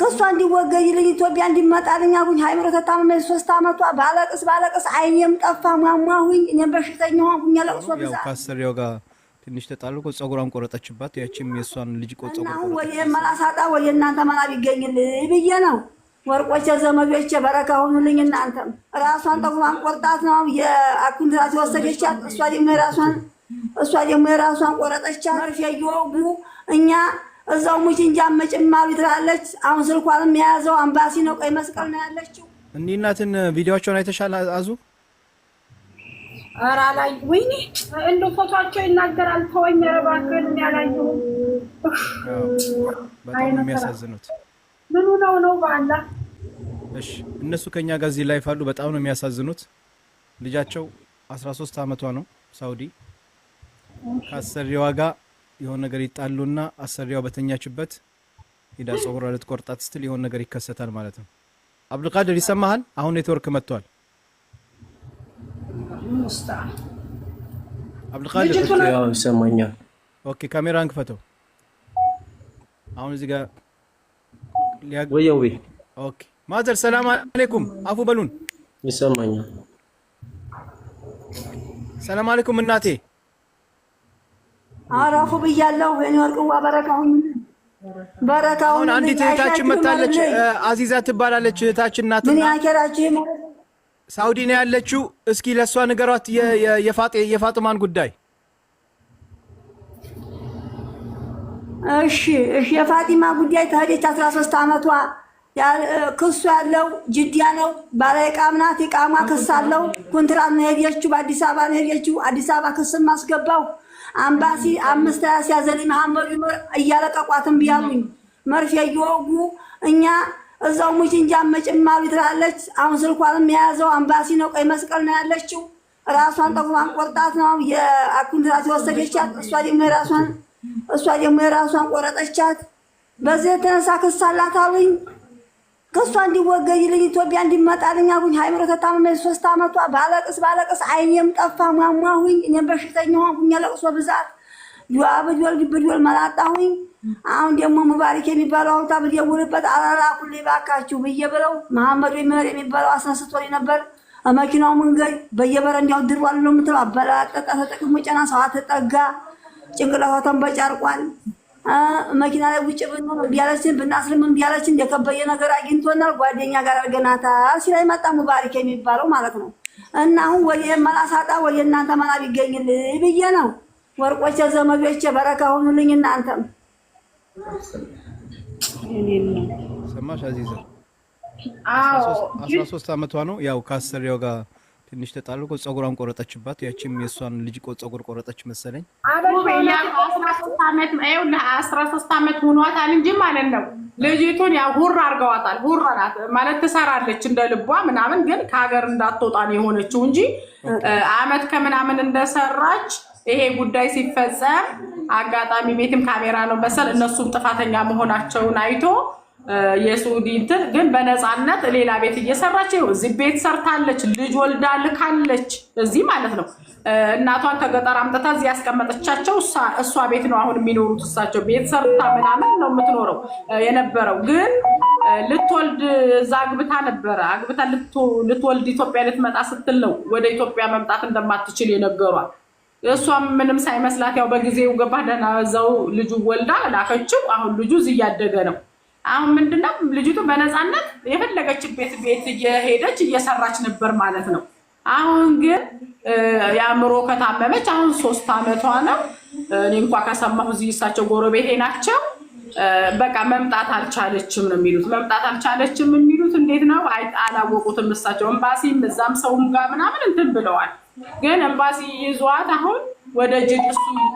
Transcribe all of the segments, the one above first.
ክሷ እንዲወገጅልኝ ኢትዮጵያ እንዲመጣልኝ አሁኝ ሃይምሮ ተታመመ ሶስት አመቷ ባለቅስ ባለቅስ አይኔም ጠፋ ሟሟሁኝ እኔም በሽተኛ ሆንኩኝ። ለቅሶ ብዛት ከአሰሪያው ጋር ትንሽ ተጣሉ እኮ ቆረጠችባት። ያቺም የእሷን ልጅ እኮ ወይ ቆረጠች። መላሳጣ ወይ እናንተ መላ ቢገኝልኝ ብዬ ነው። ወርቆቼ ዘመዶቼ በረካ ሆኑልኝ። እናንተም ራሷን ጠጉሯን ቆርጣት ነው የአኩንትራት ወሰደቻት። እሷ ደግሞ የራሷን እሷ ደግሞ የራሷን ቆረጠቻት። መርፌ እየወጉ እኛ እዛው ሙቺንጃ መጭማሪ ትላለች። አሁን ስልኳንም የያዘው አምባሲ ነው፣ ቀይ መስቀል ነው ያለችው። እኒህ እናትን ቪዲዮቸውን አይተሻል? አዙ ኧረ አላየሁም። ወይኔ እንደው ፎቶቸው ይናገራል። ተወኝ እባክህን፣ ያላየሁም። በጣም ነው የሚያሳዝኑት። ምኑ ነው ነው ባላ። እሺ እነሱ ከኛ ጋር እዚህ ላይፍ አሉ። በጣም ነው የሚያሳዝኑት። ልጃቸው 13 አመቷ ነው ሳውዲ ከአሰሪዋ ጋር የሆነ ነገር ይጣሉና አሰሪያው በተኛችበት ሂዳ ጸጉሯ ልትቆርጣት ስትል የሆነ ነገር ይከሰታል ማለት ነው። አብዱልቃድር ይሰማሃል? አሁን ኔትወርክ መጥቷል። አብዱልቃድር ይሰማኛል? ኦኬ፣ ካሜራን ክፈተው። አሁን እዚህ ጋር ኦኬ። ማዘር ሰላም አሌይኩም አፉ በሉን። ይሰማኛል። ሰላም አሌይኩም እናቴ አረፉ ብያለሁ። የኔ ወርቅዋ በረካሁን በረካሁን። አንዲት እህታችን መታለች፣ አዚዛ ትባላለች። እህታችን ናት። ምን ያከራችሁ ሳውዲ ነው ያለችው። እስኪ ለእሷ ንገሯት የፋጥማን ጉዳይ። እሺ እሺ፣ የፋጢማ ጉዳይ ተሄደች አስራ ሶስት አመቷ ክሱ ያለው ጅዳ ነው። ባለ ዕቃም ናት። ዕቃማ ክስ አለው። ኩንትራት ነው የሄደችው። በአዲስ አበባ ነው የሄደችው። አዲስ አበባ ክስም አስገባው። አምባሲ አምስት ያስያዘልኝ መሐመዱ ዑመር እያለቀቋትም ቢያሉኝ መርፌ እየወጉ እኛ እዛው ሙች እንጂ አመጭማሉ ትላለች። አሁን ስልኳንም የያዘው አምባሲ ነው። ቀይ መስቀል ነው ያለችው። ራሷን ጠጉሯን ቆርጣት ነው የኮንትራት የወሰደቻት። እሷ ደግሞ የራሷን እሷ ደግሞ የራሷን ቆረጠቻት። በዚህ የተነሳ ክስ አላት አሉኝ። ከእሷ እንዲወገድልኝ ኢትዮጵያ እንዲመጣልኝ አሁኝ ሃይምሮ ተታመመ ሶስት ዓመቷ ባለቅስ ባለቅስ አይኔም ጠፋ ሟሟሁኝ። እኔም በሽተኛ ሆንኩኝ። ለቅሶ ብዛት ዩአብጆል ወልድ ብድወል መላጣሁኝ። አሁን ደግሞ ሙባሪክ የሚባለው አውታ ብደውልበት አላላኩልኝ ባካችሁ ብዬ ብለው መሐመድ ምር የሚባለው አስነስቶልኝ ነበር። መኪናው መንገድ በየበረንዳው ድሯል ነው ምትለው አበላጠጠ ተጠቅሞ ጨና ሰዋ ተጠጋ ጭንቅላቷ ተንበጫርቋል። መኪና ላይ ውጭ ብንሆን ብናስልም ብናስርም ቢያለችን የከበየ ነገር አግኝቶናል። ጓደኛ ጋር አድርገናታል። ሲላይ መጣ ሙባሪክ የሚባለው ማለት ነው። እና አሁን ወደ መላሳጣ ወደ እናንተ መላ ቢገኝልኝ ብዬ ነው። ወርቆቼ፣ ዘመዶቼ በረካ ሆኑልኝ። እናንተም ሰማሽ አዚዛ አስራ ሶስት አመቷ ነው ያው ከአሰሪያው ጋር ትንሽ ተጣልቆ ጸጉሯን ቆረጠችባት። ያቺም የእሷን ልጅ ጸጉር ቆረጠች መሰለኝ። አስራ ሶስት ዓመት ሆኗታል እንጂ ማለት ነው። ልጅቱን ያው ሁር አድርገዋታል። ሁር ናት ማለት ትሰራለች እንደ ልቧ ምናምን፣ ግን ከሀገር እንዳትወጣን የሆነችው እንጂ አመት ከምናምን እንደሰራች ይሄ ጉዳይ ሲፈጸም አጋጣሚ ቤትም ካሜራ ነው መሰል እነሱም ጥፋተኛ መሆናቸውን አይቶ የሱዲ እንትን ግን በነፃነት ሌላ ቤት እየሰራች ነው። እዚህ ቤት ሰርታለች። ልጅ ወልዳ ልካለች። እዚህ ማለት ነው እናቷን ከገጠር አምጥታ እዚህ ያስቀመጠቻቸው እሷ ቤት ነው አሁን የሚኖሩት። እሳቸው ቤት ሰርታ ምናምን ነው የምትኖረው የነበረው። ግን ልትወልድ እዛ አግብታ ነበረ። አግብታ ልትወልድ ኢትዮጵያ ልትመጣ ስትል ነው ወደ ኢትዮጵያ መምጣት እንደማትችል የነገሯል። እሷም ምንም ሳይመስላት ያው በጊዜው ገባ ደህና እዛው ልጁ ወልዳ ላከችው። አሁን ልጁ እዚህ እያደገ ነው። አሁን ምንድነው ልጅቱ በነፃነት የፈለገች ቤት እየሄደች እየሰራች ነበር ማለት ነው። አሁን ግን የአእምሮ ከታመመች አሁን ሶስት አመቷ ነው። እኔ እንኳ ከሰማሁ እዚህ እሳቸው ጎረቤቴ ናቸው። በቃ መምጣት አልቻለችም ነው የሚሉት። መምጣት አልቻለችም የሚሉት እንዴት ነው አላወቁትም። እሳቸው ኤምባሲም እዛም ሰውም ጋር ምናምን እንትን ብለዋል። ግን ኤምባሲ ይዟት አሁን ወደ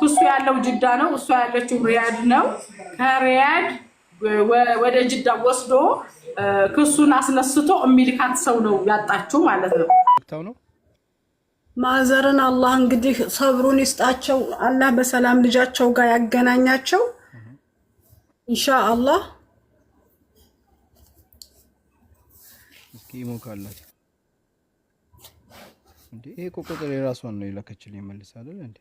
እሱ ያለው ጅዳ ነው፣ እሷ ያለችው ሪያድ ነው ከሪያድ ወደ ጅዳ ወስዶ ክሱን አስነስቶ የሚልካት ሰው ነው ያጣችው ማለት ነው። ማዘርን አላህ እንግዲህ ሰብሩን ይስጣቸው። አላህ በሰላም ልጃቸው ጋር ያገናኛቸው ኢንሻ አላህ። እስኪ ይሞካላት እንዴ! ይሄ ቁጥር የራሷን ነው የላከችልኝ መልስ አይደል እንዴ?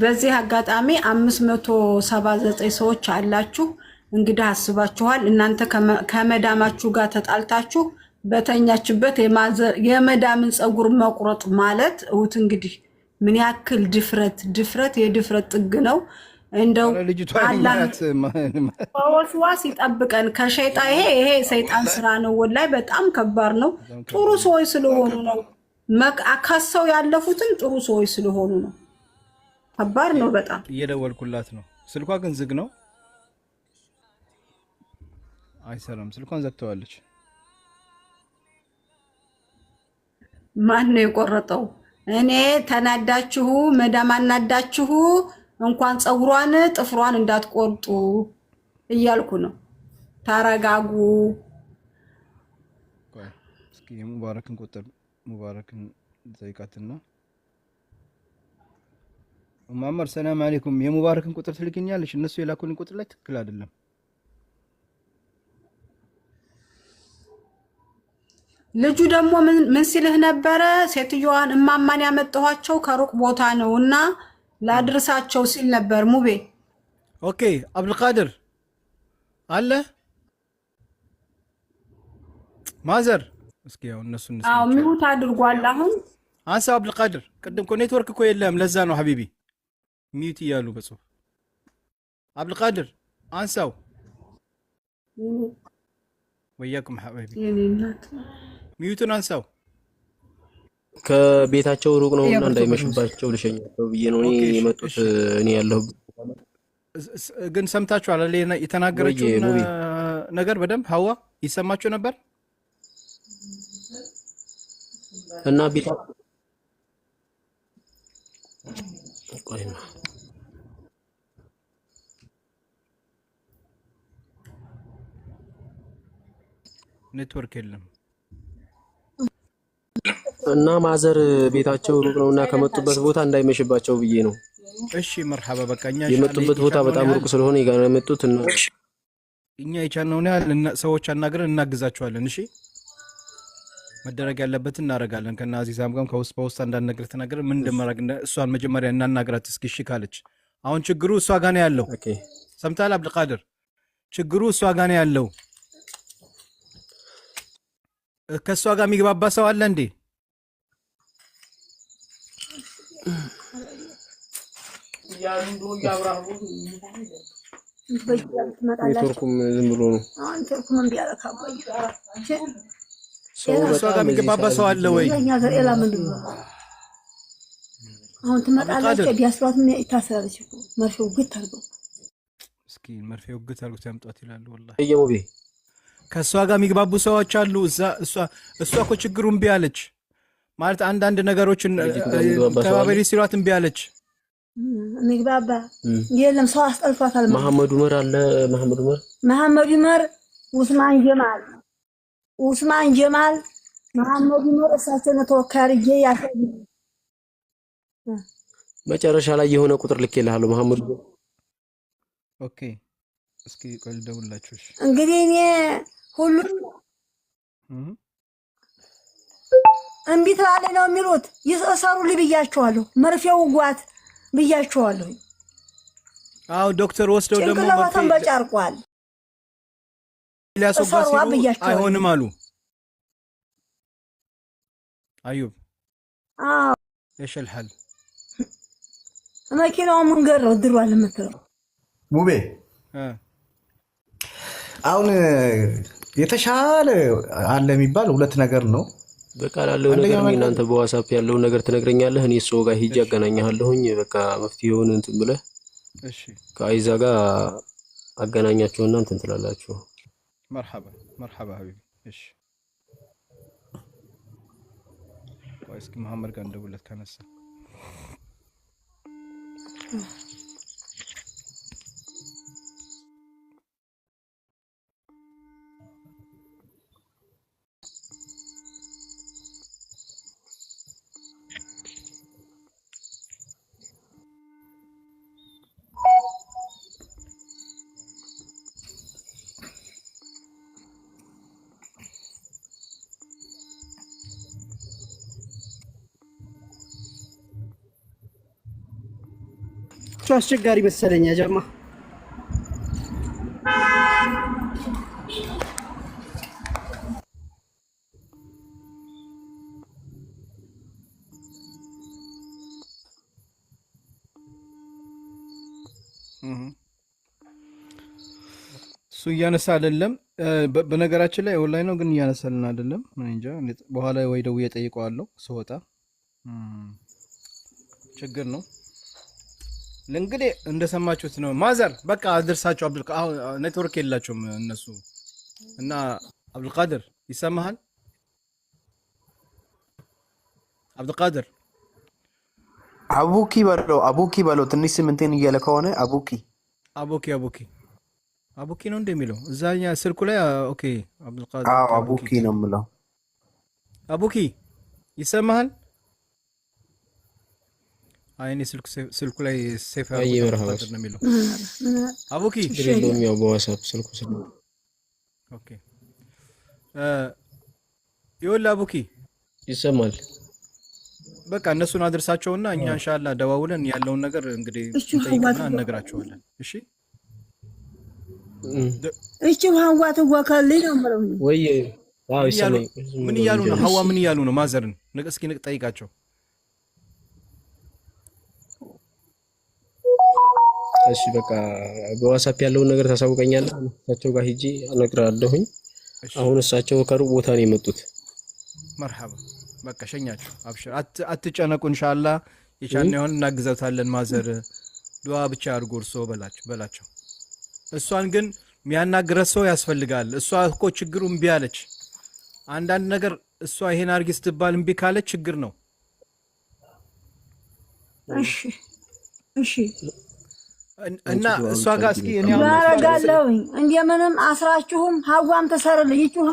በዚህ አጋጣሚ አምስት መቶ ሰባ ዘጠኝ ሰዎች አላችሁ። እንግዲህ አስባችኋል። እናንተ ከመዳማችሁ ጋር ተጣልታችሁ በተኛችበት የመዳምን ፀጉር መቁረጥ ማለት እውት እንግዲህ ምን ያክል ድፍረት ድፍረት የድፍረት ጥግ ነው። እንደው በወስዋስ ሲጠብቀን ከሸይጣን። ይሄ ይሄ ሰይጣን ስራ ነው፣ ላይ በጣም ከባድ ነው። ጥሩ ሰዎች ስለሆኑ ነው፣ ከሰው ያለፉትን ጥሩ ሰዎች ስለሆኑ ነው። ከባድ ነው በጣም። እየደወልኩላት ነው፣ ስልኳ ግን ዝግ ነው፣ አይሰራም። ስልኳን ዘግተዋለች። ማን ነው የቆረጠው? እኔ ተናዳችሁ፣ መዳም አናዳችሁ እንኳን ፀጉሯን ጥፍሯን እንዳትቆርጡ እያልኩ ነው። ታረጋጉ። ሙባረክን ቆጠር ሙባረክን ጠይቃትና ማመር ሰላም አሌይኩም የሙባረክን ቁጥር ትልክኛለች። እነሱ የላኩን ቁጥር ላይ ትክክል አይደለም። ልጁ ደግሞ ምን ሲልህ ነበረ? ሴትዮዋን እማማን ያመጣኋቸው ከሩቅ ቦታ ነው እና ላድርሳቸው ሲል ነበር ሙቤ። ኦኬ አብዱልቃድር አለ ማዘር እስኪ ያው እነሱ አዎ አድርጓል። አሁን አንሳ አብዱልቃድር። ቅድም ኔትወርክ እኮ የለም ለዛ ነው ሀቢቢ ሚዩት እያሉ በጽሁፍ አብዱልቃድር አንሳው። ወያኩም ሀቢቢ ሚዩቱን አንሳው። ከቤታቸው ሩቅ ነው እና እንዳይመሽባቸው ልሸኛቸው ብዬ ነው እኔ የመጡት። እኔ ያለሁት ግን ሰምታችኋል። የተናገረችው ነገር በደንብ ሀዋ ይሰማችሁ ነበር እና ቤታ ኔትወርክ የለም። እና ማዘር ቤታቸው ሩቅ ነው እና ከመጡበት ቦታ እንዳይመሽባቸው ብዬ ነው። እሺ መርሐባ በቃኛ የመጡበት ቦታ በጣም ሩቅ ስለሆነ ይጋ ነው የመጡት እኛ የቻልነውን ያህል ሰዎች አናግረን እናግዛቸዋለን። እሺ መደረግ ያለበት እናደርጋለን። ከና ዚዛም ጋም ከውስጥ በውስጥ አንዳንድ ነገር ተናገረ ምን እንደማደርግ እሷን መጀመሪያ እናናግራት እስኪ እሺ ካለች። አሁን ችግሩ እሷ ጋር ነው ያለው። ሰምታል አብድልቃድር፣ ችግሩ እሷ ጋር ነው ያለው። ከእሷ ጋር የሚግባባ ሰው አለ እንዴ? እያሉ እንደው እያብራሩ ኔትወርኩም ዝም ብሎ ነው። ጋር የሚገባባ ሰው አለ ወይ? አሁን መርፌ ውግት አድርገው እስኪ መርፌ ውግት ያምጧት ይላሉ። ወላሂ ከእሷ ጋር የሚግባቡ ሰዎች አሉ። እሷ እኮ ችግሩ እምቢ አለች ማለት አንዳንድ ነገሮችን ተባበሪ ሲሏት እምቢ አለች። ንግባባ የለም ሰው አስጠልፏታል። መሐመድ ዑመር አለ መሐመድ ዑመር መሐመድ ዑመር ኡስማን ጀማል ኡስማን ጀማል መሐመድ ዑመር እሳቸው እሳቸውን ተወካርጄ ያሳይ መጨረሻ ላይ የሆነ ቁጥር ልክ ልኬልሃለሁ መሐመድ ኦኬ። እስኪ ቆይ ልደውልላችሁ። እንግዲህ እኔ ሁሉም እምቢ ትላለች ነው የሚሉት ይሰሩ ልብያቸዋለሁ መርፌው ጓት ብያችኋለሁ። አሁን ዶክተር ወስደው ደግሞ ጭንቅላቷን በጫርቋል እሰሯ ብያችኋለሁ። አይሆንም አሉ አዩብ። እሺ ልሐል መኪናው መንገድ ነው ድሮ አለመትለው ሙቤ አሁን የተሻለ አለ የሚባል ሁለት ነገር ነው። በቃል አለው ነገር እናንተ በዋትስአፕ ያለውን ነገር ትነግረኛለህ። እኔ ሰው ጋር ሂጅ አገናኛለሁኝ። በቃ መፍትሄውን እንትን ብለህ ከአይዛ ጋር አገናኛችሁና እንትን ትላላችሁ። መርሐባ መርሐባ ሀቢቢ። እሺ እስኪ መሐመድ ጋር እንደውለት ከነሳ ስራቸው አስቸጋሪ መሰለኝ። ጀማ እሱ እያነሳ አይደለም። በነገራችን ላይ ኦንላይን ነው ግን እያነሳልን አይደለም። እንጃ በኋላ ወይ ደውዬ እጠይቀዋለሁ ስወጣ። ችግር ነው። እንግዲህ እንደሰማችሁት ነው። ማዘር በቃ አድርሳቸው። አብዱል ኔትወርክ የላቸውም እነሱ እና አብዱል ቃድር ይሰማሃል? አብዱል ቃድር አቡኪ በለው፣ አቡኪ በለው። ትንሽ ስምንቴን እያለ ከሆነ አቡኪ አቡኪ አቡኪ አቡኪ ነው እንደሚለው እዛኛ ስልኩ ላይ ኦኬ። አብዱል ቃድር አቡኪ ነው የምለው። አቡኪ ይሰማሃል? አይኔ ስልኩ ላይ ሴፍ ነው የሚለው አቡኪ ይወላ አቡኪ ይሰማል። በቃ እነሱን አድርሳቸውና እኛ እንሻላ ደዋውለን ያለውን ነገር እንግዲህ ጠይቅና እነግራቸዋለን። እሺ እሺ። ሀዋ ትወከልኝ ነው ምለው ወይ ምን እያሉ ነው? ሀዋ ምን እያሉ ነው? ማዘርን እስኪ ጠይቃቸው። እሺ በቃ በዋትስአፕ ያለውን ነገር ታሳውቀኛል። እሳቸው ጋር ሂጂ እነግርሃለሁኝ። አሁን እሳቸው ከሩቅ ቦታ ነው የመጡት። መርሐባ በቃ ሸኛችሁ። አብሽር፣ አትጨነቁ። እንሻላ የቻን የሆን እናግዘታለን። ማዘር ዱዓ ብቻ አድርጎ እርሶ በላቸው። እሷን ግን የሚያናግረት ሰው ያስፈልጋል። እሷ እኮ ችግሩ እምቢ አለች። አንዳንድ ነገር እሷ ይሄን አድርጊ ስትባል እምቢ ካለች ችግር ነው። እሺ እሺ እና እሷ ጋር እስኪ እኔ ያረጋለሁኝ እንደምንም አስራችሁም ሀዋም ትሰርልኝ ይችሁ